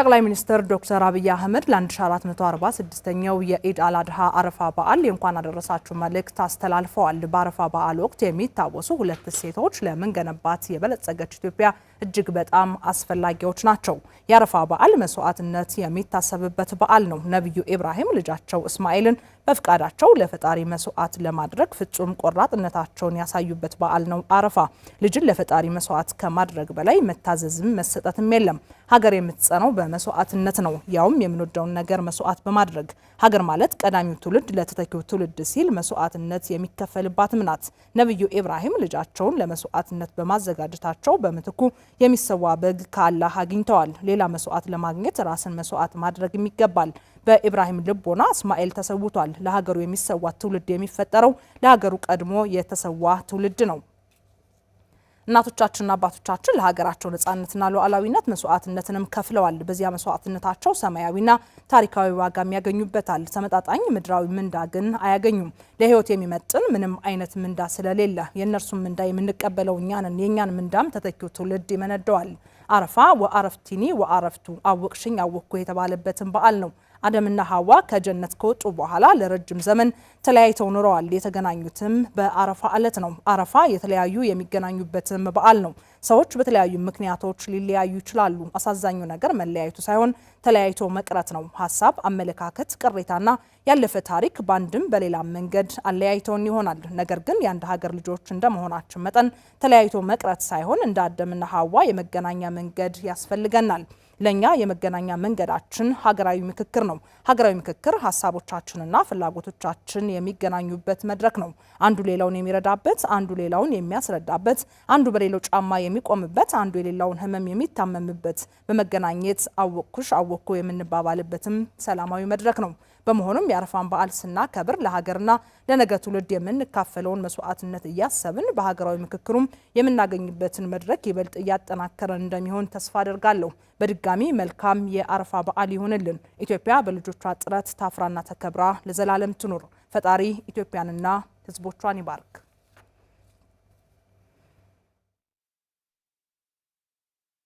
ጠቅላይ ሚኒስትር ዶክተር አብይ አህመድ ለ1446ኛው የኢድ አልአድሃ አረፋ በዓል የእንኳን አደረሳችሁ መልእክት አስተላልፈዋል። በአረፋ በዓል ወቅት የሚታወሱ ሁለት እሴቶች ለምንገነባት የበለጸገች ኢትዮጵያ እጅግ በጣም አስፈላጊዎች ናቸው። የአረፋ በዓል መስዋዕትነት የሚታሰብበት በዓል ነው። ነቢዩ ኢብራሂም ልጃቸው እስማኤልን በፍቃዳቸው ለፈጣሪ መስዋዕት ለማድረግ ፍጹም ቆራጥነታቸውን ያሳዩበት በዓል ነው አረፋ። ልጅን ለፈጣሪ መስዋዕት ከማድረግ በላይ መታዘዝም መሰጠትም የለም። ሀገር የምትጸነው በመስዋዕትነት ነው፣ ያውም የምንወደውን ነገር መስዋዕት በማድረግ። ሀገር ማለት ቀዳሚው ትውልድ ለተተኪው ትውልድ ሲል መስዋዕትነት የሚከፈልባትም ናት። ነቢዩ ኢብራሂም ልጃቸውን ለመስዋዕትነት በማዘጋጀታቸው በምትኩ የሚሰዋ በግ ከአላህ አግኝተዋል። ሌላ መስዋዕት ለማግኘት ራስን መስዋዕት ማድረግ ይገባል። በኢብራሂም ልቦና እስማኤል ተሰውቷል። ለሀገሩ የሚሰዋ ትውልድ የሚፈጠረው ለሀገሩ ቀድሞ የተሰዋ ትውልድ ነው። እናቶቻችንና አባቶቻችን ለሀገራቸው ነጻነትና ሉዓላዊነት መስዋዕትነትንም ከፍለዋል። በዚያ መስዋዕትነታቸው ሰማያዊና ታሪካዊ ዋጋም ያገኙበታል። ተመጣጣኝ ምድራዊ ምንዳ ግን አያገኙም። ለሕይወት የሚመጥን ምንም አይነት ምንዳ ስለሌለ የእነርሱን ምንዳ የምንቀበለው እኛንን የእኛን ምንዳም ተተኪው ትውልድ ይመነደዋል። አረፋ ወአረፍቲኒ ወአረፍቱ አወቅሽኝ አወቅኩ የተባለበትን በዓል ነው። አደምና ሀዋ ከጀነት ከወጡ በኋላ ለረጅም ዘመን ተለያይተው ኑረዋል። የተገናኙትም በአረፋ ዕለት ነው። አረፋ የተለያዩ የሚገናኙበትም በዓል ነው። ሰዎች በተለያዩ ምክንያቶች ሊለያዩ ይችላሉ። አሳዛኙ ነገር መለያየቱ ሳይሆን ተለያይቶ መቅረት ነው። ሀሳብ፣ አመለካከት፣ ቅሬታና ያለፈ ታሪክ በአንድም በሌላ መንገድ አለያይተውን ይሆናል። ነገር ግን የአንድ ሀገር ልጆች እንደመሆናችን መጠን ተለያይቶ መቅረት ሳይሆን እንደ አደምና ሀዋ የመገናኛ መንገድ ያስፈልገናል። ለእኛ የመገናኛ መንገዳችን ሀገራዊ ምክክር ነው። ሀገራዊ ምክክር ሀሳቦቻችንና ፍላጎቶቻችን የሚገናኙበት መድረክ ነው። አንዱ ሌላውን የሚረዳበት፣ አንዱ ሌላውን የሚያስረዳበት፣ አንዱ በሌላው ጫማ የሚቆምበት፣ አንዱ የሌላውን ሕመም የሚታመምበት፣ በመገናኘት አወቅኩሽ አወቅኩ የምንባባልበትም ሰላማዊ መድረክ ነው። በመሆኑም የአረፋን በዓል ስናከብር ለሀገርና ለነገ ትውልድ የምንካፈለውን መስዋዕትነት እያሰብን በሀገራዊ ምክክሩም የምናገኝበትን መድረክ ይበልጥ እያጠናከረን እንደሚሆን ተስፋ አደርጋለሁ። በድጋ በድጋሚ መልካም የአረፋ በዓል ይሁንልን። ኢትዮጵያ በልጆቿ ጥረት ታፍራና ተከብራ ለዘላለም ትኑር። ፈጣሪ ኢትዮጵያንና ሕዝቦቿን ይባርክ።